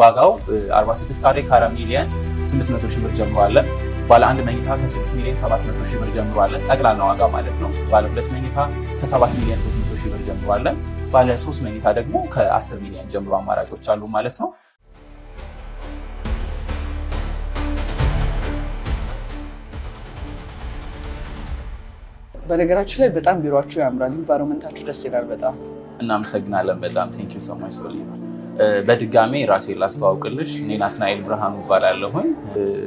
ዋጋው 46 ካሬ 4 ሚሊዮን 800 ሺህ ብር ጀምሯለን። ባለ አንድ መኝታ ከ6 ሚሊዮን 700 ሺህ ብር ጀምሯለን። ጠቅላላ ዋጋ ማለት ነው። ባለ ሁለት መኝታ ከ7 ሚሊዮን 300 ሺህ ብር ጀምሯለን። ባለ ሶስት መኝታ ደግሞ ከ10 ሚሊዮን ጀምሮ አማራጮች አሉ ማለት ነው። በነገራችን ላይ በጣም ቢሮአችሁ ያምራል፣ ኢንቫይሮንመንታችሁ ደስ ይላል በጣም። እናመሰግናለን በጣም ቴንክ ዩ ሶ ማች ሶሊ በድጋሜ ራሴ ላስተዋውቅልሽ እኔ ናትናኤል ብርሃኑ እባላለሁኝ።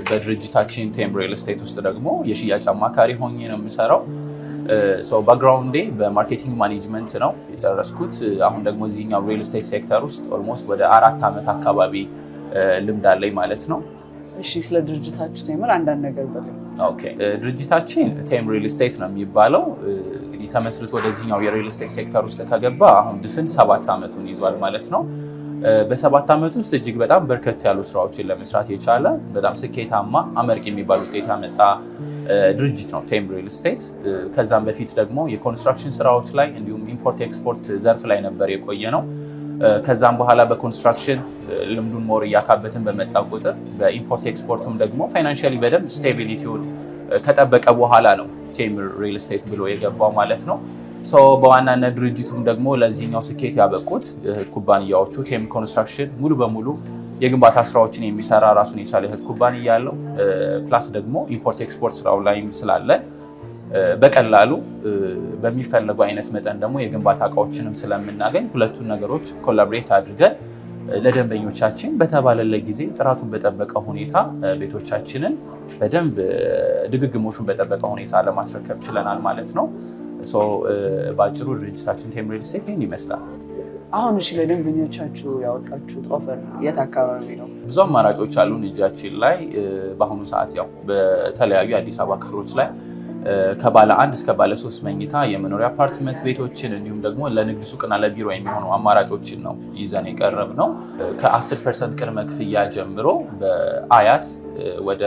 በድርጅታችን ቴምብሬል ስቴት ውስጥ ደግሞ የሽያጭ አማካሪ ሆኜ ነው የምሰራው። ባክግራውንዴ በማርኬቲንግ ማኔጅመንት ነው የጨረስኩት። አሁን ደግሞ እዚህኛው ሪል ስቴት ሴክተር ውስጥ ኦልሞስት ወደ አራት ዓመት አካባቢ ልምድ አለኝ ማለት ነው። እሺ፣ ስለ ድርጅታችሁ ቴምር አንዳንድ ነገር ኦኬ። ድርጅታችን ቴም ሪል ስቴት ነው የሚባለው። እንግዲህ ተመስርቶ ወደዚህኛው የሪል ስቴት ሴክተር ውስጥ ከገባ አሁን ድፍን ሰባት ዓመቱን ይዟል ማለት ነው። በሰባት ዓመት ውስጥ እጅግ በጣም በርከት ያሉ ስራዎችን ለመስራት የቻለ በጣም ስኬታማ አመርቂ የሚባል ውጤት ያመጣ ድርጅት ነው ቴም ሪል ስቴት። ከዛም በፊት ደግሞ የኮንስትራክሽን ስራዎች ላይ እንዲሁም ኢምፖርት ኤክስፖርት ዘርፍ ላይ ነበር የቆየ ነው። ከዛም በኋላ በኮንስትራክሽን ልምዱን ሞር እያካበትን በመጣ ቁጥር በኢምፖርት ኤክስፖርቱም ደግሞ ፋይናንሽሊ በደንብ ስቴቢሊቲውን ከጠበቀ በኋላ ነው ቴም ሪል ስቴት ብሎ የገባው ማለት ነው። በዋናነት ድርጅቱም ደግሞ ለዚህኛው ስኬት ያበቁት እህት ኩባንያዎቹ ኬም ኮንስትራክሽን ሙሉ በሙሉ የግንባታ ስራዎችን የሚሰራ ራሱን የቻለ እህት ኩባንያ ያለው ፕላስ ደግሞ ኢምፖርት ኤክስፖርት ስራው ላይም ስላለ በቀላሉ በሚፈለጉ አይነት መጠን ደግሞ የግንባታ እቃዎችንም ስለምናገኝ ሁለቱን ነገሮች ኮላብሬት አድርገን ለደንበኞቻችን በተባለለት ጊዜ ጥራቱን በጠበቀ ሁኔታ ቤቶቻችንን በደንብ ድግግሞቹን በጠበቀ ሁኔታ ለማስረከብ ችለናል ማለት ነው። በአጭሩ ድርጅታችን ቴምር ሪል እስቴት ይህን ይመስላል። አሁን እሺ፣ ለደንበኞቻችሁ ያወጣችሁት ኦፈር የት አካባቢ ነው? ብዙ አማራጮች አሉን እጃችን ላይ በአሁኑ ሰዓት ያው በተለያዩ የአዲስ አበባ ክፍሎች ላይ ከባለ አንድ እስከ ባለ ሶስት መኝታ የመኖሪያ አፓርትመንት ቤቶችን እንዲሁም ደግሞ ለንግድ ሱቅና ለቢሮ የሚሆኑ አማራጮችን ነው ይዘን የቀረብ ነው። ከ10 ፐርሰንት ቅድመ ክፍያ ጀምሮ በአያት ወደ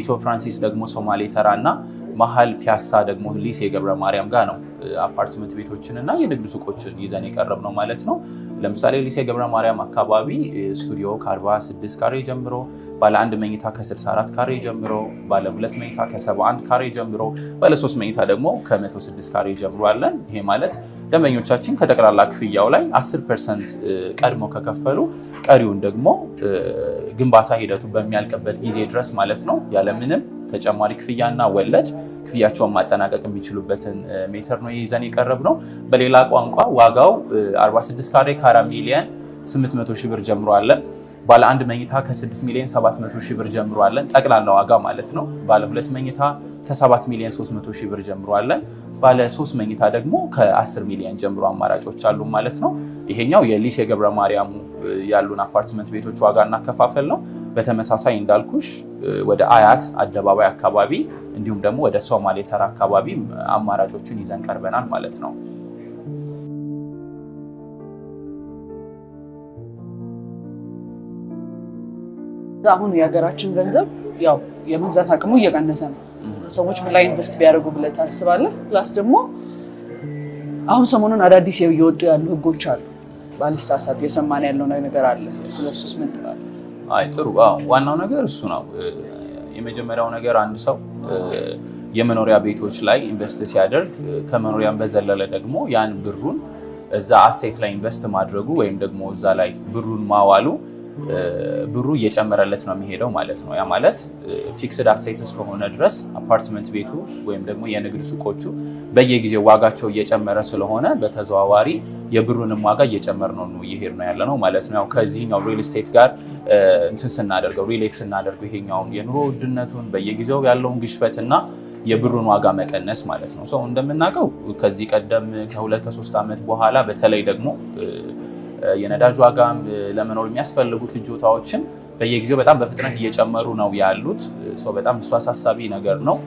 ኢትዮ ፍራንሲስ ደግሞ ሶማሌ ተራ እና መሀል ፒያሳ ደግሞ ሊሴ የገብረ ማርያም ጋር ነው አፓርትመንት ቤቶችን እና የንግድ ሱቆችን ይዘን የቀረብ ነው ማለት ነው። ለምሳሌ ሊሴ ገብረ ማርያም አካባቢ ስቱዲዮ ከ46 ካሬ ጀምሮ ባለ አንድ መኝታ ከ64 ካሬ ጀምሮ ባለ ሁለት መኝታ ከ71 ካሬ ጀምሮ ባለ ሶስት መኝታ ደግሞ ከ106 ካሬ ጀምሮ አለን። ይሄ ማለት ደንበኞቻችን ከጠቅላላ ክፍያው ላይ 10 ፐርሰንት ቀድሞ ከከፈሉ ቀሪውን ደግሞ ግንባታ ሂደቱ በሚያልቅበት ጊዜ ድረስ ማለት ነው ያለምንም ተጨማሪ ክፍያና ወለድ ክፍያቸውን ማጠናቀቅ የሚችሉበትን ሜትር ነው ይዘን የቀረብ ነው። በሌላ ቋንቋ ዋጋው 46 ካሬ ከ4 ሚሊየን 800 ሺህ ብር ጀምሮ አለን። ባለ አንድ መኝታ ከ6 ሚሊዮን 700 ሺህ ብር ጀምሮ አለን፣ ጠቅላላ ዋጋ ማለት ነው። ባለ ሁለት መኝታ ከ7 ሚሊዮን 300 ሺህ ብር ጀምሮ አለን። ባለ ሶስት መኝታ ደግሞ ከ10 ሚሊዮን ጀምሮ አማራጮች አሉ ማለት ነው። ይሄኛው የሊሴ ገብረ ማርያሙ ያሉን አፓርትመንት ቤቶች ዋጋ እናከፋፈል ነው። በተመሳሳይ እንዳልኩሽ ወደ አያት አደባባይ አካባቢ እንዲሁም ደግሞ ወደ ሶማሌ ተራ አካባቢ አማራጮቹን ይዘን ቀርበናል ማለት ነው። አሁን የሀገራችን ገንዘብ ያው የመግዛት አቅሙ እየቀነሰ ነው። ሰዎች ምን ላይ ኢንቨስት ቢያደርጉ ብለህ ታስባለህ? ፕላስ ደግሞ አሁን ሰሞኑን አዳዲስ እየወጡ ያሉ ህጎች አሉ። ባልሳሳት የሰማን ያለው ነገር አለ። ስለሱስ ምን ትላለህ? አይ ጥሩ። ዋናው ነገር እሱ ነው። የመጀመሪያው ነገር አንድ ሰው የመኖሪያ ቤቶች ላይ ኢንቨስት ሲያደርግ ከመኖሪያም በዘለለ ደግሞ ያን ብሩን እዛ አሴት ላይ ኢንቨስት ማድረጉ ወይም ደግሞ እዛ ላይ ብሩን ማዋሉ ብሩ እየጨመረለት ነው የሚሄደው ማለት ነው። ያ ማለት ፊክስድ አሴት እስከሆነ ድረስ አፓርትመንት ቤቱ ወይም ደግሞ የንግድ ሱቆቹ በየጊዜው ዋጋቸው እየጨመረ ስለሆነ በተዘዋዋሪ የብሩንም ዋጋ እየጨመር ነው እየሄድ ነው ያለ ነው ማለት ነው። ያው ከዚህኛው ሪል ስቴት ጋር እንትን ስናደርገው ሪሌት ስናደርገው ይሄኛውን የኑሮ ውድነቱን በየጊዜው ያለውን ግሽበት እና የብሩን ዋጋ መቀነስ ማለት ነው። ሰው እንደምናውቀው ከዚህ ቀደም ከሁለት ከሶስት ዓመት በኋላ በተለይ ደግሞ የነዳጅ ዋጋም ለመኖር የሚያስፈልጉ ፍጆታዎችም በየጊዜው በጣም በፍጥነት እየጨመሩ ነው ያሉት። በጣም እሱ አሳሳቢ ነገር ነው።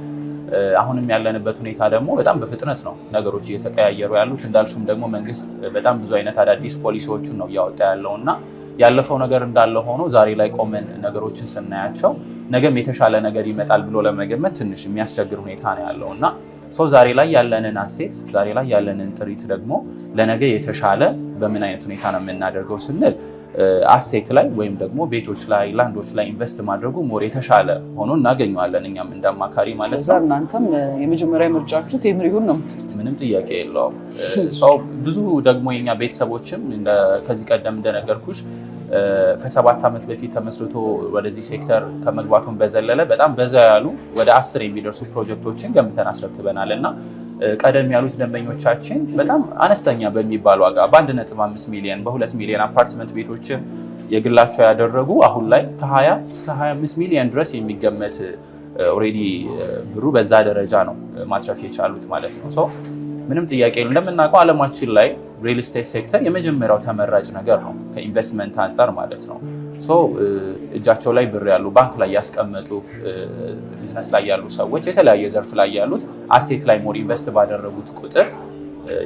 አሁንም ያለንበት ሁኔታ ደግሞ በጣም በፍጥነት ነው ነገሮች እየተቀያየሩ ያሉት። እንዳልሹም ደግሞ መንግስት በጣም ብዙ አይነት አዳዲስ ፖሊሲዎችን ነው እያወጣ ያለው እና ያለፈው ነገር እንዳለ ሆኖ ዛሬ ላይ ቆመን ነገሮችን ስናያቸው ነገም የተሻለ ነገር ይመጣል ብሎ ለመገመት ትንሽ የሚያስቸግር ሁኔታ ነው ያለው እና ሰው ዛሬ ላይ ያለንን አሴት ዛሬ ላይ ያለንን ጥሪት ደግሞ ለነገ የተሻለ በምን አይነት ሁኔታ ነው የምናደርገው ስንል አሴት ላይ ወይም ደግሞ ቤቶች ላይ ላንዶች ላይ ኢንቨስት ማድረጉ ሞር የተሻለ ሆኖ እናገኘዋለን እኛም እንደ አማካሪ ማለት ነው። እናንተም የመጀመሪያ ምርጫችሁ ቴምር ይሁን ነው የምትሉት? ምንም ጥያቄ የለውም። ሰው ብዙ ደግሞ የኛ ቤተሰቦችም ከዚህ ቀደም እንደነገርኩሽ ከሰባት ዓመት በፊት ተመስርቶ ወደዚህ ሴክተር ከመግባቱን በዘለለ በጣም በዛ ያሉ ወደ አስር የሚደርሱ ፕሮጀክቶችን ገንብተን አስረክበናል እና ቀደም ያሉት ደንበኞቻችን በጣም አነስተኛ በሚባል ዋጋ በአንድ ነጥብ አምስት ሚሊዮን በሁለት ሚሊዮን አፓርትመንት ቤቶችን የግላቸው ያደረጉ አሁን ላይ ከ20 እስከ 25 ሚሊዮን ድረስ የሚገመት ኦልሬዲ ብሩ በዛ ደረጃ ነው ማትረፍ የቻሉት ማለት ነው። ምንም ጥያቄ የለም። እንደምናውቀው አለማችን ላይ ሪል ስቴት ሴክተር የመጀመሪያው ተመራጭ ነገር ነው፣ ከኢንቨስትመንት አንጻር ማለት ነው። ሶ እጃቸው ላይ ብር ያሉ ባንክ ላይ ያስቀመጡ ቢዝነስ ላይ ያሉ ሰዎች የተለያየ ዘርፍ ላይ ያሉት አሴት ላይ ሞር ኢንቨስት ባደረጉት ቁጥር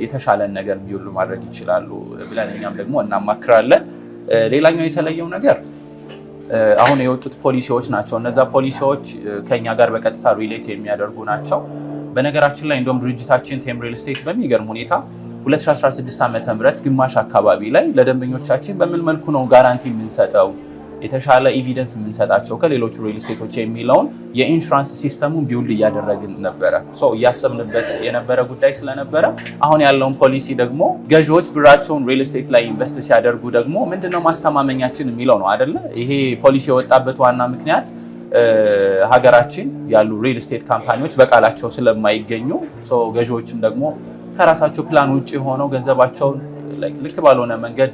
የተሻለን ነገር ቢውሉ ማድረግ ይችላሉ ብለን እኛም ደግሞ እናማክራለን። ሌላኛው የተለየው ነገር አሁን የወጡት ፖሊሲዎች ናቸው። እነዛ ፖሊሲዎች ከኛ ጋር በቀጥታ ሪሌት የሚያደርጉ ናቸው። በነገራችን ላይ እንደውም ድርጅታችን ቴምሪል ስቴት በሚገርም ሁኔታ 2016 ዓ ም ግማሽ አካባቢ ላይ ለደንበኞቻችን በምን መልኩ ነው ጋራንቲ የምንሰጠው የተሻለ ኤቪደንስ የምንሰጣቸው ከሌሎቹ ሪል ስቴቶች የሚለውን የኢንሹራንስ ሲስተሙን ቢውልድ እያደረግን ነበረ። እያሰብንበት የነበረ ጉዳይ ስለነበረ አሁን ያለውን ፖሊሲ ደግሞ ገዢዎች ብራቸውን ሪል ስቴት ላይ ኢንቨስት ሲያደርጉ ደግሞ ምንድነው ማስተማመኛችን የሚለው ነው አደለ? ይሄ ፖሊሲ የወጣበት ዋና ምክንያት ሀገራችን ያሉ ሪል ስቴት ካምፓኒዎች በቃላቸው ስለማይገኙ ገዢዎችም ደግሞ ከራሳቸው ፕላን ውጭ የሆነው ገንዘባቸውን ልክ ባልሆነ መንገድ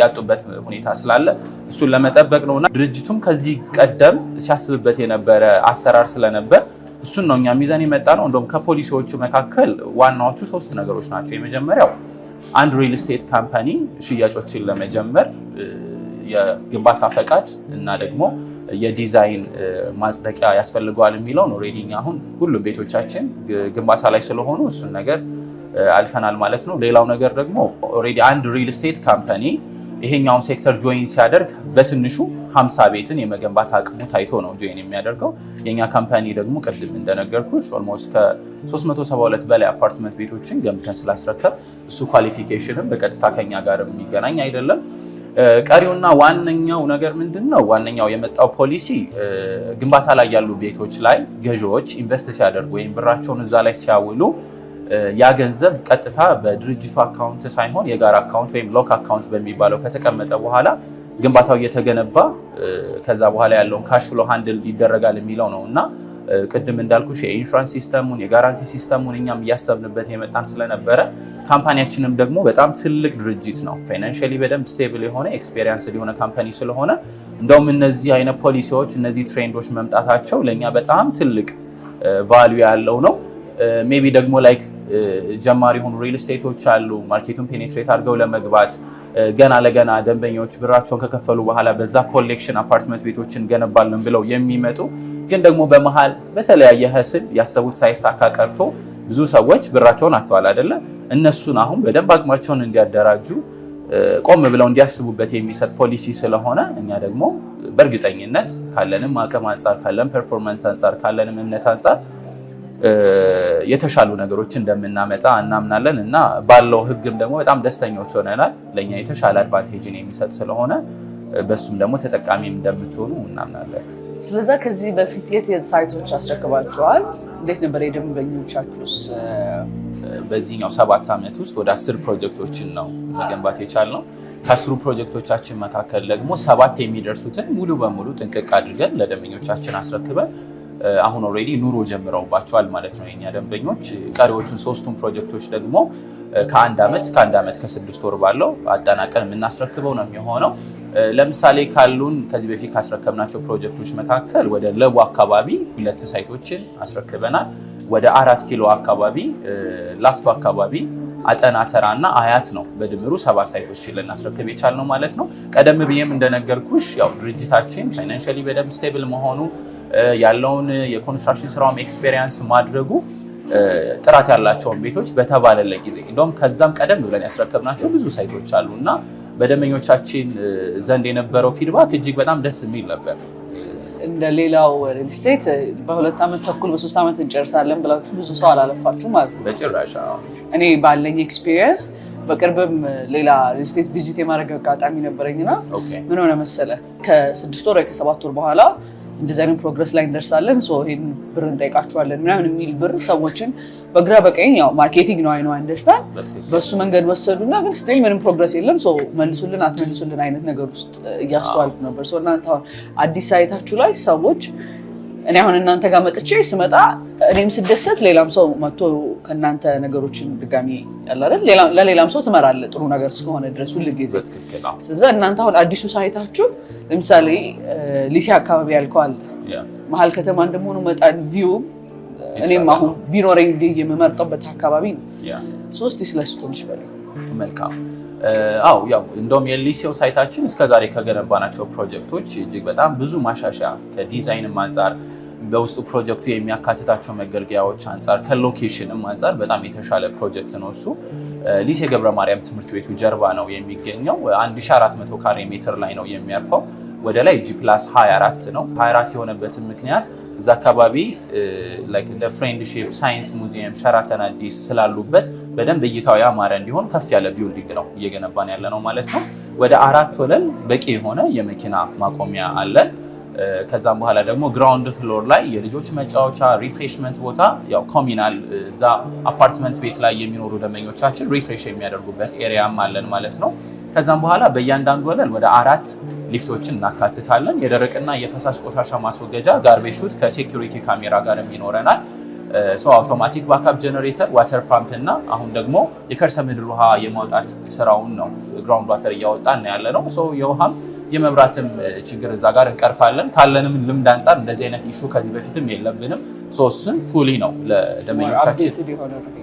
ያጡበት ሁኔታ ስላለ እሱን ለመጠበቅ ነውና ድርጅቱም ከዚህ ቀደም ሲያስብበት የነበረ አሰራር ስለነበር እሱን ነው እኛ ሚዛን የመጣ ነው። እንደውም ከፖሊሲዎቹ መካከል ዋናዎቹ ሶስት ነገሮች ናቸው። የመጀመሪያው አንድ ሪል ስቴት ካምፓኒ ሽያጮችን ለመጀመር የግንባታ ፈቃድ እና ደግሞ የዲዛይን ማጽደቂያ ያስፈልገዋል የሚለውን ኦልሬዲ አሁን ሁሉም ቤቶቻችን ግንባታ ላይ ስለሆኑ እሱን ነገር አልፈናል ማለት ነው። ሌላው ነገር ደግሞ ኦልሬዲ አንድ ሪል ስቴት ካምፓኒ ይሄኛውን ሴክተር ጆይን ሲያደርግ በትንሹ ሀምሳ ቤትን የመገንባት አቅሙ ታይቶ ነው ጆይን የሚያደርገው። የእኛ ካምፓኒ ደግሞ ቅድም እንደነገርኩሽ ኦልሞስት ከ372 በላይ አፓርትመንት ቤቶችን ገንብተን ስላስረከብ እሱ ኳሊፊኬሽንም በቀጥታ ከኛ ጋር የሚገናኝ አይደለም። ቀሪውና ዋነኛው ነገር ምንድን ነው? ዋነኛው የመጣው ፖሊሲ ግንባታ ላይ ያሉ ቤቶች ላይ ገዢዎች ኢንቨስት ሲያደርጉ ወይም ብራቸውን እዛ ላይ ሲያውሉ ያ ገንዘብ ቀጥታ በድርጅቱ አካውንት ሳይሆን የጋራ አካውንት ወይም ሎክ አካውንት በሚባለው ከተቀመጠ በኋላ ግንባታው እየተገነባ ከዛ በኋላ ያለውን ካሽ ፍሎ ሃንድል ይደረጋል የሚለው ነው እና ቅድም እንዳልኩሽ የኢንሹራንስ ሲስተሙን የጋራንቲ ሲስተሙን እኛም እያሰብንበት የመጣን ስለነበረ ካምፓኒያችንም ደግሞ በጣም ትልቅ ድርጅት ነው። ፋይናንሽሊ በደንብ ስቴብል የሆነ ኤክስፔሪንስ የሆነ ካምፓኒ ስለሆነ እንደውም እነዚህ አይነት ፖሊሲዎች እነዚህ ትሬንዶች መምጣታቸው ለእኛ በጣም ትልቅ ቫሊዩ ያለው ነው። ሜቢ ደግሞ ላይክ ጀማሪ የሆኑ ሪል ስቴቶች አሉ ማርኬቱን ፔኔትሬት አድርገው ለመግባት ገና ለገና ደንበኞች ብራቸውን ከከፈሉ በኋላ በዛ ኮሌክሽን አፓርትመንት ቤቶችን ገነባለን ብለው የሚመጡ ግን ደግሞ በመሀል በተለያየ ህስል ያሰቡት ሳይሳካ ቀርቶ ብዙ ሰዎች ብራቸውን አጥተዋል አይደለ? እነሱን አሁን በደንብ አቅማቸውን እንዲያደራጁ ቆም ብለው እንዲያስቡበት የሚሰጥ ፖሊሲ ስለሆነ እኛ ደግሞ በእርግጠኝነት ካለንም አቅም አንጻር ካለን ፐርፎርማንስ አንጻር ካለንም እምነት አንጻር የተሻሉ ነገሮች እንደምናመጣ እናምናለን እና ባለው ህግም ደግሞ በጣም ደስተኞች ሆነናል። ለእኛ የተሻለ አድቫንቴጅን የሚሰጥ ስለሆነ በሱም ደግሞ ተጠቃሚ እንደምትሆኑ እናምናለን። ስለዛ ከዚህ በፊት የት የት ሳይቶች አስረክባቸዋል? እንዴት ነበር የደንበኞቻችሁስ? በዚህኛው ሰባት ዓመት ውስጥ ወደ አስር ፕሮጀክቶችን ነው መገንባት የቻልነው። ከአስሩ ፕሮጀክቶቻችን መካከል ደግሞ ሰባት የሚደርሱትን ሙሉ በሙሉ ጥንቅቅ አድርገን ለደንበኞቻችን አስረክበን አሁን ኦልሬዲ ኑሮ ጀምረውባቸዋል ማለት ነው የኛ ደንበኞች። ቀሪዎቹን ሶስቱን ፕሮጀክቶች ደግሞ ከአንድ ዓመት እስከ አንድ ዓመት ከስድስት ወር ባለው አጠናቀን የምናስረክበው ነው የሚሆነው። ለምሳሌ ካሉን ከዚህ በፊት ካስረከብናቸው ፕሮጀክቶች መካከል ወደ ለቡ አካባቢ ሁለት ሳይቶችን አስረክበናል። ወደ አራት ኪሎ አካባቢ፣ ላፍቶ አካባቢ፣ አጠና ተራ እና አያት ነው በድምሩ ሰባት ሳይቶችን ልናስረክብ የቻልነው ማለት ነው። ቀደም ብዬም እንደነገርኩሽ ያው ድርጅታችን ፋይናንሻሊ በደንብ ስቴብል መሆኑ ያለውን የኮንስትራክሽን ስራውም ኤክስፔሪንስ ማድረጉ ጥራት ያላቸውን ቤቶች በተባለለ ጊዜ እንደውም ከዛም ቀደም ብለን ያስረከብናቸው ብዙ ሳይቶች አሉ እና በደንበኞቻችን ዘንድ የነበረው ፊድባክ እጅግ በጣም ደስ የሚል ነበር። እንደ ሌላው ሪል ስቴት በሁለት ዓመት ተኩል በሶስት ዓመት እንጨርሳለን ብላችሁ ብዙ ሰው አላለፋችሁ ማለት ነው። በጭራሽ እኔ ባለኝ ኤክስፒሪየንስ በቅርብም ሌላ ስቴት ቪዚት የማድረግ አጋጣሚ ነበረኝና ምን ሆነ መሰለ ከስድስት ወር ከሰባት ወር በኋላ እንደዚህ አይነት ፕሮግረስ ላይ እንደርሳለን፣ ይህን ብር እንጠይቃችኋለን ምናምን የሚል ብር ሰዎችን በግራ በቀኝ ያው ማርኬቲንግ ነው አይነው አንደርስታንድ በእሱ መንገድ ወሰዱና፣ ግን ስቲል ምንም ፕሮግረስ የለም። ሰው መልሱልን አትመልሱልን አይነት ነገር ውስጥ እያስተዋልኩ ነበር። እናንተ አሁን አዲስ ሳይታችሁ ላይ ሰዎች እኔ አሁን እናንተ ጋር መጥቼ ስመጣ እኔም ስደሰት ሌላም ሰው መጥቶ ከእናንተ ነገሮችን ድጋሚ ያላደል ለሌላም ሰው ትመራለ ጥሩ ነገር እስከሆነ ድረስ ሁል ጊዜ ስለዚ እናንተ አሁን አዲሱ ሳይታችሁ ለምሳሌ ሊሴ አካባቢ ያልከዋል መሀል ከተማ እንደመሆኑ መጠን ቪው እኔም አሁን ቢኖረኝ የምመርጠበት አካባቢ ነው። ሶስት ስለሱ ትንሽ በለ መልካም አው ያው እንደውም የሊሴው ሳይታችን እስከዛሬ ከገነባናቸው ፕሮጀክቶች እጅግ በጣም ብዙ ማሻሻያ ከዲዛይንም አንጻር በውስጡ ፕሮጀክቱ የሚያካትታቸው መገልገያዎች አንጻር ከሎኬሽንም አንጻር በጣም የተሻለ ፕሮጀክት ነው እሱ። ሊሴ ገብረ ማርያም ትምህርት ቤቱ ጀርባ ነው የሚገኘው። 1400 ካሬ ሜትር ላይ ነው የሚያርፈው። ወደ ላይ ጂ ፕላስ 24 ነው። 24 የሆነበትን ምክንያት እዛ አካባቢ እንደ ፍሬንድሺፕ፣ ሳይንስ ሙዚየም፣ ሸራተን አዲስ ስላሉበት በደንብ እይታው ያማረ እንዲሆን ከፍ ያለ ቢውልዲንግ ነው እየገነባን ያለ ነው ማለት ነው። ወደ አራት ወለል በቂ የሆነ የመኪና ማቆሚያ አለን። ከዛም በኋላ ደግሞ ግራውንድ ፍሎር ላይ የልጆች መጫወቻ ሪፍሬሽመንት ቦታ ያው ኮሚናል እዛ አፓርትመንት ቤት ላይ የሚኖሩ ደንበኞቻችን ሪፍሬሽ የሚያደርጉበት ኤሪያም አለን ማለት ነው። ከዛም በኋላ በእያንዳንዱ ወለል ወደ አራት ሊፍቶችን እናካትታለን። የደረቅና የፈሳሽ ቆሻሻ ማስወገጃ ጋርቤጅ ሹት ከሴኩሪቲ ካሜራ ጋርም ይኖረናል። አውቶማቲክ ባካፕ ጀነሬተር፣ ዋተር ፓምፕ እና አሁን ደግሞ የከርሰ ምድር ውሃ የማውጣት ስራውን ነው ግራውንድ ዋተር እያወጣ ያለ ነው የውሃም የመብራትም ችግር እዛ ጋር እንቀርፋለን። ካለንም ልምድ አንጻር እንደዚህ አይነት ኢሹ ከዚህ በፊትም የለብንም። ሶስቱን ፉሊ ነው ለደመኞቻችን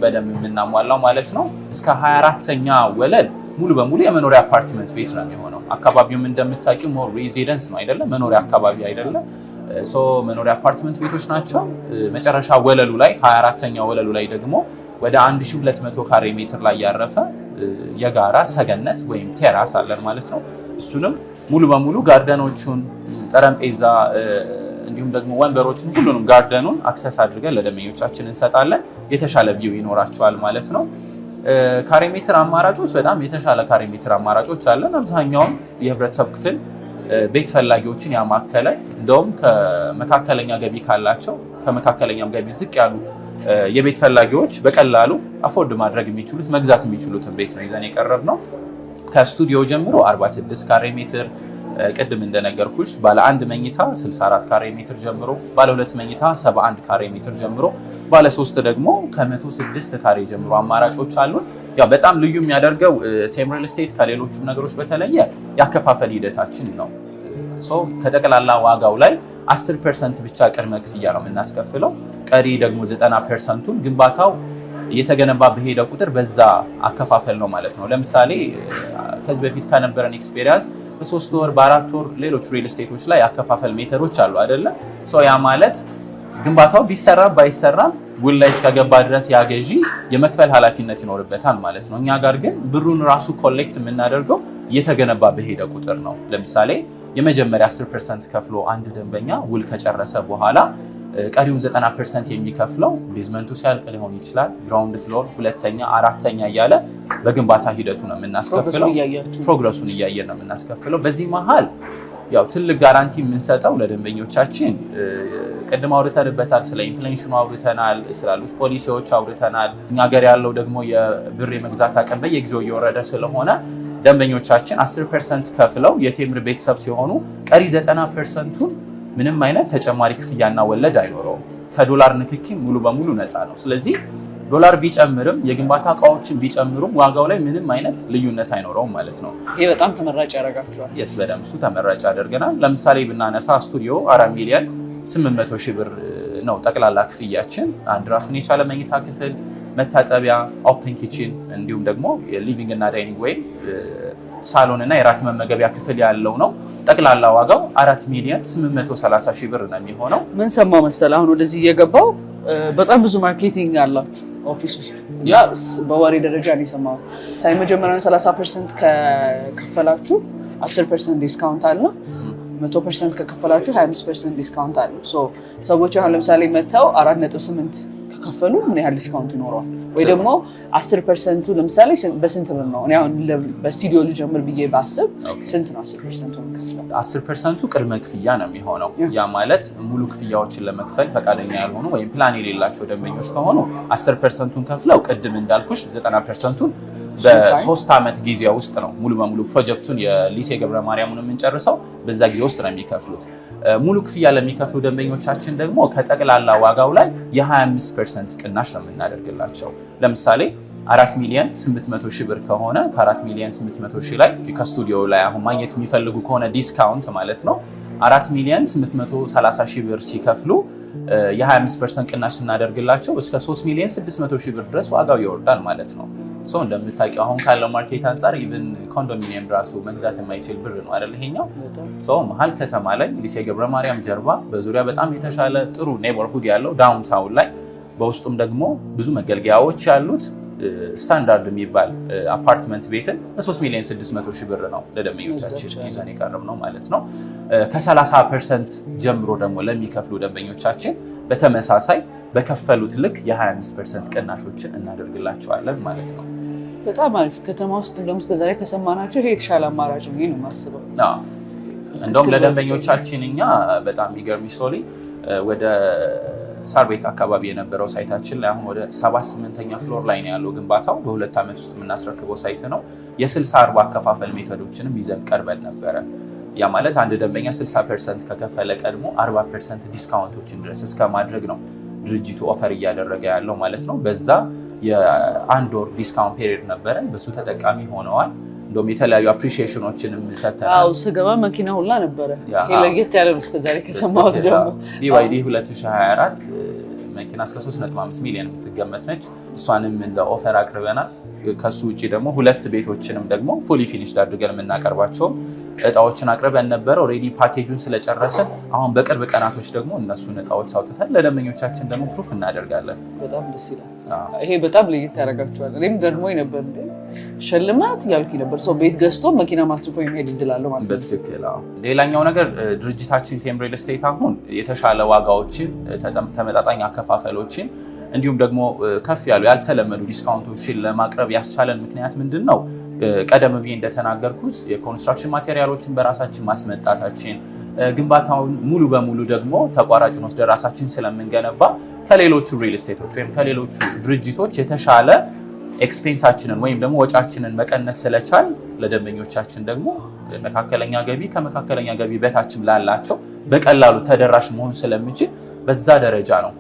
በደንብ የምናሟላው ማለት ነው። እስከ 24ተኛ ወለል ሙሉ በሙሉ የመኖሪያ አፓርትመንት ቤት ነው የሚሆነው። አካባቢውም እንደምታውቂው ሬዚደንስ ነው አይደለም፣ መኖሪያ አካባቢ አይደለም። ሶ መኖሪያ አፓርትመንት ቤቶች ናቸው። መጨረሻ ወለሉ ላይ 24ተኛ ወለሉ ላይ ደግሞ ወደ 1200 ካሬ ሜትር ላይ ያረፈ የጋራ ሰገነት ወይም ቴራስ አለን ማለት ነው እሱንም ሙሉ በሙሉ ጋርደኖቹን፣ ጠረጴዛ እንዲሁም ደግሞ ወንበሮችን ሁሉንም ጋርደኑን አክሰስ አድርገን ለደመኞቻችን እንሰጣለን። የተሻለ ቪው ይኖራቸዋል ማለት ነው። ካሬ ሜትር አማራጮች በጣም የተሻለ ካሬ ሜትር አማራጮች አለን። አብዛኛውን የህብረተሰብ ክፍል ቤት ፈላጊዎችን ያማከለ እንደውም ከመካከለኛ ገቢ ካላቸው ከመካከለኛም ገቢ ዝቅ ያሉ የቤት ፈላጊዎች በቀላሉ አፎርድ ማድረግ የሚችሉት መግዛት የሚችሉትን ቤት ነው ይዘን የቀረብ ነው። ከስቱዲዮ ጀምሮ 46 ካሬ ሜትር ቅድም እንደነገርኩሽ ባለ አንድ መኝታ 64 ካሬ ሜትር ጀምሮ ባለ ሁለት መኝታ 71 ካሬ ሜትር ጀምሮ ባለ ሶስት ደግሞ ከ106 ካሬ ጀምሮ አማራጮች አሉን። ያው በጣም ልዩ የሚያደርገው ቴምሪል ስቴት ከሌሎችም ነገሮች በተለየ ያከፋፈል ሂደታችን ነው። ከጠቅላላ ዋጋው ላይ 10 ፐርሰንት ብቻ ቅድመ ክፍያ ነው የምናስከፍለው። ቀሪ ደግሞ 90 ፐርሰንቱን ግንባታው እየተገነባ በሄደ ቁጥር በዛ አከፋፈል ነው ማለት ነው። ለምሳሌ ከዚህ በፊት ከነበረን ኤክስፔሪንስ በሶስት ወር በአራት ወር ሌሎች ሪል ስቴቶች ላይ አከፋፈል ሜተሮች አሉ አይደለም ሰው ያ ማለት ግንባታው ቢሰራ ባይሰራም ውል ላይ እስከገባ ድረስ ያገዢ የመክፈል ኃላፊነት ይኖርበታል ማለት ነው። እኛ ጋር ግን ብሩን ራሱ ኮሌክት የምናደርገው እየተገነባ በሄደ ቁጥር ነው። ለምሳሌ የመጀመሪያ 10 ፐርሰንት ከፍሎ አንድ ደንበኛ ውል ከጨረሰ በኋላ ቀሪውን 90 ፐርሰንት የሚከፍለው ቤዝመንቱ ሲያልቅ ሊሆን ይችላል። ግራውንድ ፍሎር ሁለተኛ፣ አራተኛ እያለ በግንባታ ሂደቱ ነው የምናስከፍለው። ፕሮግረሱን እያየን ነው የምናስከፍለው። በዚህ መሀል ያው ትልቅ ጋራንቲ የምንሰጠው ለደንበኞቻችን ቅድም አውርተንበታል። ስለ ኢንፍሌሽኑ አውርተናል፣ ስላሉት ፖሊሲዎች አውርተናል። እኛ ሀገር ያለው ደግሞ የብር የመግዛት አቅም በየጊዜው እየወረደ ስለሆነ ደንበኞቻችን 10 ፐርሰንት ከፍለው የቴምር ቤተሰብ ሲሆኑ ቀሪ 90 ፐርሰንቱን ምንም አይነት ተጨማሪ ክፍያና ወለድ አይኖረውም። ከዶላር ንክኪ ሙሉ በሙሉ ነፃ ነው። ስለዚህ ዶላር ቢጨምርም የግንባታ እቃዎችን ቢጨምሩም ዋጋው ላይ ምንም አይነት ልዩነት አይኖረውም ማለት ነው። ይሄ በጣም ተመራጭ ያደርጋቸዋል። የስ በደምሱ ተመራጭ ያደርገናል። ለምሳሌ ብናነሳ ስቱዲዮ አራት ሚሊዮን ስምንት መቶ ሺህ ብር ነው ጠቅላላ ክፍያችን። አንድ ራሱን የቻለ መኝታ ክፍል፣ መታጠቢያ፣ ኦፕን ኪችን እንዲሁም ደግሞ የሊቪንግ እና ዳይኒንግ ወይም ሳሎን እና የራት መመገቢያ ክፍል ያለው ነው። ጠቅላላ ዋጋው አራት ሚሊዮን ስምንት መቶ ሰላሳ ሺህ ብር ነው የሚሆነው። ምን ሰማ መሰል አሁን ወደዚህ እየገባው በጣም ብዙ ማርኬቲንግ አላችሁ ኦፊስ ውስጥ ያ በወሬ ደረጃ ነው የሰማሁት። ሳይ መጀመሪያውን 30 ፐርሰንት ከከፈላችሁ 10 ፐርሰንት ዲስካውንት አለ። መቶ ፐርሰንት ከከፈላችሁ 25 ፐርሰንት ዲስካውንት አለ። ሰዎች አሁን ለምሳሌ መጥተው አራት ነጥብ ስምንት ከፈሉ ምን ያህል ዲስካውንት ይኖረዋል? ወይ ደግሞ አስር ፐርሰንቱ ለምሳሌ በስንት ብር ነው? በስቱዲዮ ልጀምር ብዬ ባስብ ስንት ነው አስር ፐርሰንቱ? አስር ፐርሰንቱ ቅድመ ክፍያ ነው የሚሆነው። ያ ማለት ሙሉ ክፍያዎችን ለመክፈል ፈቃደኛ ያልሆኑ ወይም ፕላን የሌላቸው ደንበኞች ከሆኑ አስር ፐርሰንቱን ከፍለው ቅድም እንዳልኩሽ ዘጠና ፐርሰንቱን በሶስት ዓመት ጊዜ ውስጥ ነው ሙሉ በሙሉ ፕሮጀክቱን የሊሴ ገብረ ማርያሙን የምንጨርሰው። በዛ ጊዜ ውስጥ ነው የሚከፍሉት። ሙሉ ክፍያ ለሚከፍሉ ደንበኞቻችን ደግሞ ከጠቅላላ ዋጋው ላይ የ25 ፐርሰንት ቅናሽ ነው የምናደርግላቸው። ለምሳሌ አራት ሚሊዮን 800 ሺህ ብር ከሆነ ከአራት ሚሊዮን 800 ሺህ ላይ ከስቱዲዮ ላይ አሁን ማግኘት የሚፈልጉ ከሆነ ዲስካውንት ማለት ነው አራት ሚሊዮን 830 ሺህ ብር ሲከፍሉ የ25 ፐርሰንት ቅናሽ ስናደርግላቸው እስከ 3 ሚሊዮን 600 ሺህ ብር ድረስ ዋጋው ይወርዳል ማለት ነው። ሰው እንደምታውቂው አሁን ካለው ማርኬት አንጻር ኢቨን ኮንዶሚኒየም ራሱ መግዛት የማይችል ብር ነው አይደል? ይሄኛው ሰው መሀል ከተማ ላይ ሊሴ ገብረ ማርያም ጀርባ በዙሪያ በጣም የተሻለ ጥሩ ኔበርሁድ ያለው ዳውንታውን ላይ በውስጡም ደግሞ ብዙ መገልገያዎች ያሉት ስታንዳርድ የሚባል አፓርትመንት ቤትን በ3 ሚሊዮን 600 ሺህ ብር ነው ለደንበኞቻችን ይዘን የቀረብ ነው ማለት ነው። ከ30 ፐርሰንት ጀምሮ ደግሞ ለሚከፍሉ ደንበኞቻችን በተመሳሳይ በከፈሉት ልክ የ25 ፐርሰንት ቅናሾችን እናደርግላቸዋለን ማለት ነው። በጣም አሪፍ። ከተማ ውስጥ እንደውም እስከዛሬ ከሰማናቸው ይሄ የተሻለ አማራጭ ነው ነው የማስበው። እንደውም ለደንበኞቻችን እኛ በጣም የሚገርም ሶሊ ወደ ሳር ቤት አካባቢ የነበረው ሳይታችን ላይ አሁን ወደ 78ኛ ፍሎር ላይ ነው ያለው ግንባታው። በሁለት ዓመት ውስጥ የምናስረክበው ሳይት ነው። የ60 40 አከፋፈል ሜቶዶችንም ይዘን ቀርበን ነበረ ያ ማለት አንድ ደንበኛ 60 ፐርሰንት ከከፈለ ቀድሞ 40 ፐርሰንት ዲስካውንቶችን ድረስ እስከ ማድረግ ነው ድርጅቱ ኦፈር እያደረገ ያለው ማለት ነው። በዛ የአንድ ወር ዲስካውንት ፔሪድ ነበረ። በሱ ተጠቃሚ ሆነዋል። እንደውም የተለያዩ አፕሪሺዬሽኖችን ሰተናል። ስገባ መኪና ሁላ ነበረ። ለየት ያለ እስከዛሬ ከሰማሁት። ደግሞ ቢዋይዲ 2024 መኪና እስከ 3.5 ሚሊዮን የምትገመት ነች። እሷንም እንደ ኦፈር አቅርበናል። ከሱ ውጭ ደግሞ ሁለት ቤቶችንም ደግሞ ፉሊ ፊኒሽድ አድርገን የምናቀርባቸውም እጣዎችን አቅርበን ነበረ። ኦልሬዲ ፓኬጁን ስለጨረሰ አሁን በቅርብ ቀናቶች ደግሞ እነሱን እጣዎች አውጥተን ለደንበኞቻችን ደግሞ ፕሩፍ እናደርጋለን። በጣም ደስ ይላል። ይሄ በጣም ለየት ያደርጋቸዋል። እኔም ገርሞኝ ነበር እንደ ሽልማት እያልኩኝ ነበር። ሰው ቤት ገዝቶ መኪና ማስርፎ የሚሄድ እድላለሁ ማለት ነው። በትክክል ሌላኛው ነገር ድርጅታችን ቴምብሬል ስቴት አሁን የተሻለ ዋጋዎችን ተመጣጣኝ አከፋፈሎችን እንዲሁም ደግሞ ከፍ ያሉ ያልተለመዱ ዲስካውንቶችን ለማቅረብ ያስቻለን ምክንያት ምንድን ነው? ቀደም ብዬ እንደተናገርኩት የኮንስትራክሽን ማቴሪያሎችን በራሳችን ማስመጣታችን፣ ግንባታውን ሙሉ በሙሉ ደግሞ ተቋራጭን ወስደ ራሳችን ስለምንገነባ ከሌሎቹ ሪል ስቴቶች ወይም ከሌሎቹ ድርጅቶች የተሻለ ኤክስፔንሳችንን ወይም ደግሞ ወጫችንን መቀነስ ስለቻል ለደንበኞቻችን ደግሞ መካከለኛ ገቢ ከመካከለኛ ገቢ በታችም ላላቸው በቀላሉ ተደራሽ መሆን ስለሚችል በዛ ደረጃ ነው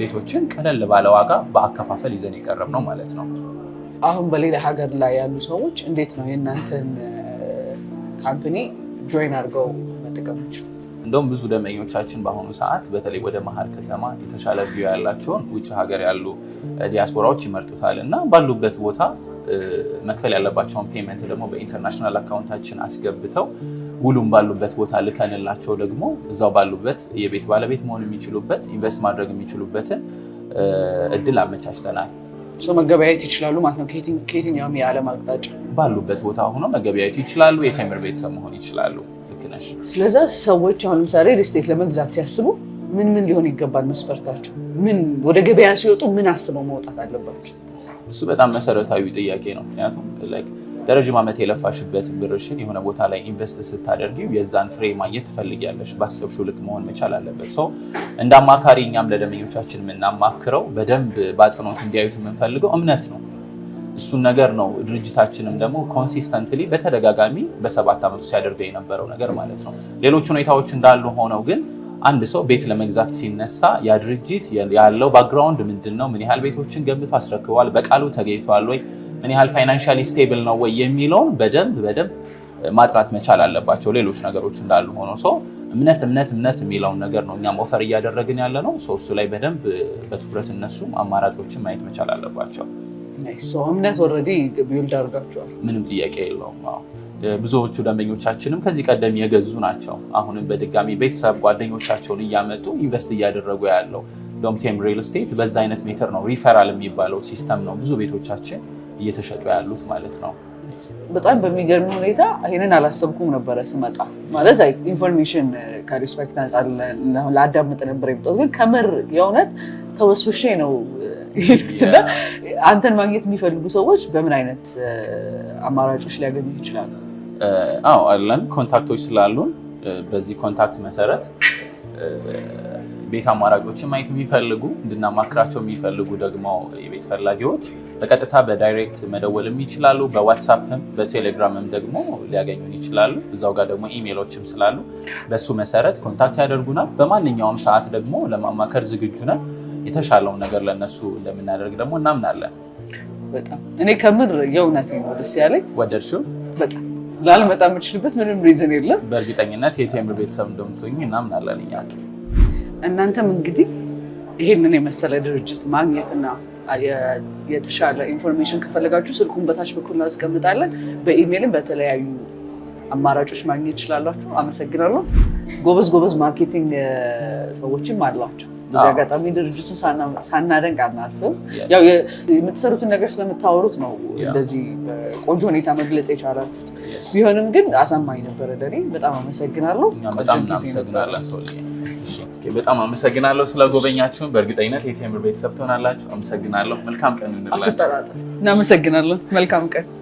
ቤቶችን ቀለል ባለ ዋጋ በአከፋፈል ይዘን የቀረብ ነው ማለት ነው። አሁን በሌላ ሀገር ላይ ያሉ ሰዎች እንዴት ነው የእናንተን ካምፕኒ ጆይን አድርገው መጠቀም ይችሉት? እንደውም ብዙ ደንበኞቻችን በአሁኑ ሰዓት በተለይ ወደ መሀል ከተማ የተሻለ ቪው ያላቸውን ውጭ ሀገር ያሉ ዲያስፖራዎች ይመርጡታል እና ባሉበት ቦታ መክፈል ያለባቸውን ፔመንት ደግሞ በኢንተርናሽናል አካውንታችን አስገብተው ውሉም ባሉበት ቦታ ልከንላቸው ደግሞ እዛው ባሉበት የቤት ባለቤት መሆን የሚችሉበት ኢንቨስት ማድረግ የሚችሉበትን እድል አመቻችተናል። መገበያየት ይችላሉ ማለት ነው። ከየትኛውም የዓለም አቅጣጫ ባሉበት ቦታ ሆኖ መገበያየት ይችላሉ። የተምር ቤተሰብ መሆን ይችላሉ። ልክ ነሽ። ስለዚ ሰዎች አሁን ለምሳሌ ሪል ለመግዛት ሲያስቡ ምን ምን ሊሆን ይገባል? መስፈርታቸው ምን? ወደ ገበያ ሲወጡ ምን አስበው መውጣት አለባቸው? እሱ በጣም መሰረታዊ ጥያቄ ነው። ምክንያቱም ለረዥም ዓመት የለፋሽበት ብርሽን የሆነ ቦታ ላይ ኢንቨስት ስታደርጊው የዛን ፍሬ ማግኘት ትፈልጊያለሽ። ባሰብሽው ልክ መሆን መቻል አለበት። ሰው እንደ አማካሪ እኛም ለደንበኞቻችን የምናማክረው በደንብ በአጽንኦት እንዲያዩት የምንፈልገው እምነት ነው። እሱን ነገር ነው ድርጅታችንም ደግሞ ኮንሲስተንትሊ በተደጋጋሚ በሰባት ዓመቱ ሲያደርገው የነበረው ነገር ማለት ነው። ሌሎች ሁኔታዎች እንዳሉ ሆነው ግን አንድ ሰው ቤት ለመግዛት ሲነሳ ያ ድርጅት ያለው ባክግራውንድ ምንድን ነው? ምን ያህል ቤቶችን ገንብቶ አስረክበዋል? በቃሉ ተገኝቷል ወይ? ምን ያህል ፋይናንሻሊ ስቴብል ነው ወይ የሚለውን በደንብ በደንብ ማጥራት መቻል አለባቸው። ሌሎች ነገሮች እንዳሉ ሆኖ ሰው እምነት እምነት እምነት የሚለውን ነገር ነው እኛም ኦፈር እያደረግን ያለ ነው። እሱ ላይ በደንብ በትኩረት እነሱም አማራጮችን ማየት መቻል አለባቸው። እምነት ኦልሬዲ ቢውልድ አድርጋቸዋል፣ ምንም ጥያቄ የለውም። ብዙዎቹ ደንበኞቻችንም ከዚህ ቀደም የገዙ ናቸው። አሁንም በድጋሚ ቤተሰብ ጓደኞቻቸውን እያመጡ ኢንቨስት እያደረጉ ያለው ዶምቴም ሪል ስቴት በዛ አይነት ሜትር ነው። ሪፈራል የሚባለው ሲስተም ነው ብዙ ቤቶቻችን እየተሸጡ ያሉት ማለት ነው። በጣም በሚገርም ሁኔታ ይህንን አላሰብኩም ነበረ ስመጣ። ማለት ኢንፎርሜሽን ከሪስፔክት አንጻር ላዳምጥ ነበር የመጣሁት፣ ግን ከምር የእውነት ተወስብሼ ነው የሄድኩትና አንተን ማግኘት የሚፈልጉ ሰዎች በምን አይነት አማራጮች ሊያገኙ ይችላሉ? አዎ አለን ኮንታክቶች ስላሉን በዚህ ኮንታክት መሰረት ቤት አማራጮችን ማየት የሚፈልጉ እንድናማክራቸው የሚፈልጉ ደግሞ የቤት ፈላጊዎች በቀጥታ በዳይሬክት መደወልም ይችላሉ። በዋትሳፕም በቴሌግራምም ደግሞ ሊያገኙን ይችላሉ። እዛው ጋር ደግሞ ኢሜሎችም ስላሉ በእሱ መሰረት ኮንታክት ያደርጉናል። በማንኛውም ሰዓት ደግሞ ለማማከር ዝግጁ ነን። የተሻለውን ነገር ለነሱ እንደምናደርግ ደግሞ እናምናለን። በጣም እኔ ከምር የእውነት ነው ደስ ያለኝ። ወደድሽው? በጣም ላልመጣ የምችልበት ምንም ሪዝን የለም። በእርግጠኝነት የቴምር ቤተሰብ እንደምትሆኝ እናምናለን እኛ። እናንተም እንግዲህ ይሄንን የመሰለ ድርጅት ማግኘትና የተሻለ ኢንፎርሜሽን ከፈለጋችሁ ስልኩን በታች በኩል እናስቀምጣለን። በኢሜይልም በተለያዩ አማራጮች ማግኘት ይችላላችሁ። አመሰግናለሁ። ጎበዝ ጎበዝ ማርኬቲንግ ሰዎችም አሏቸው። በዚህ አጋጣሚ ድርጅቱ ሳናደንቅ አናልፍም። ያው የምትሰሩትን ነገር ስለምታወሩት ነው እንደዚህ ቆንጆ ሁኔታ መግለጽ የቻላችሁት። ቢሆንም ግን አሳማኝ ነበረ። ለእኔ በጣም አመሰግናለሁ። በጣም አመሰግናለሁ። በጣም አመሰግናለሁ ስለጎበኛችሁን። በእርግጠኝነት የቴምር ቤተሰብ ትሆናላችሁ። አመሰግናለሁ። መልካም ቀን እንላችሁ። እናመሰግናለን። መልካም ቀን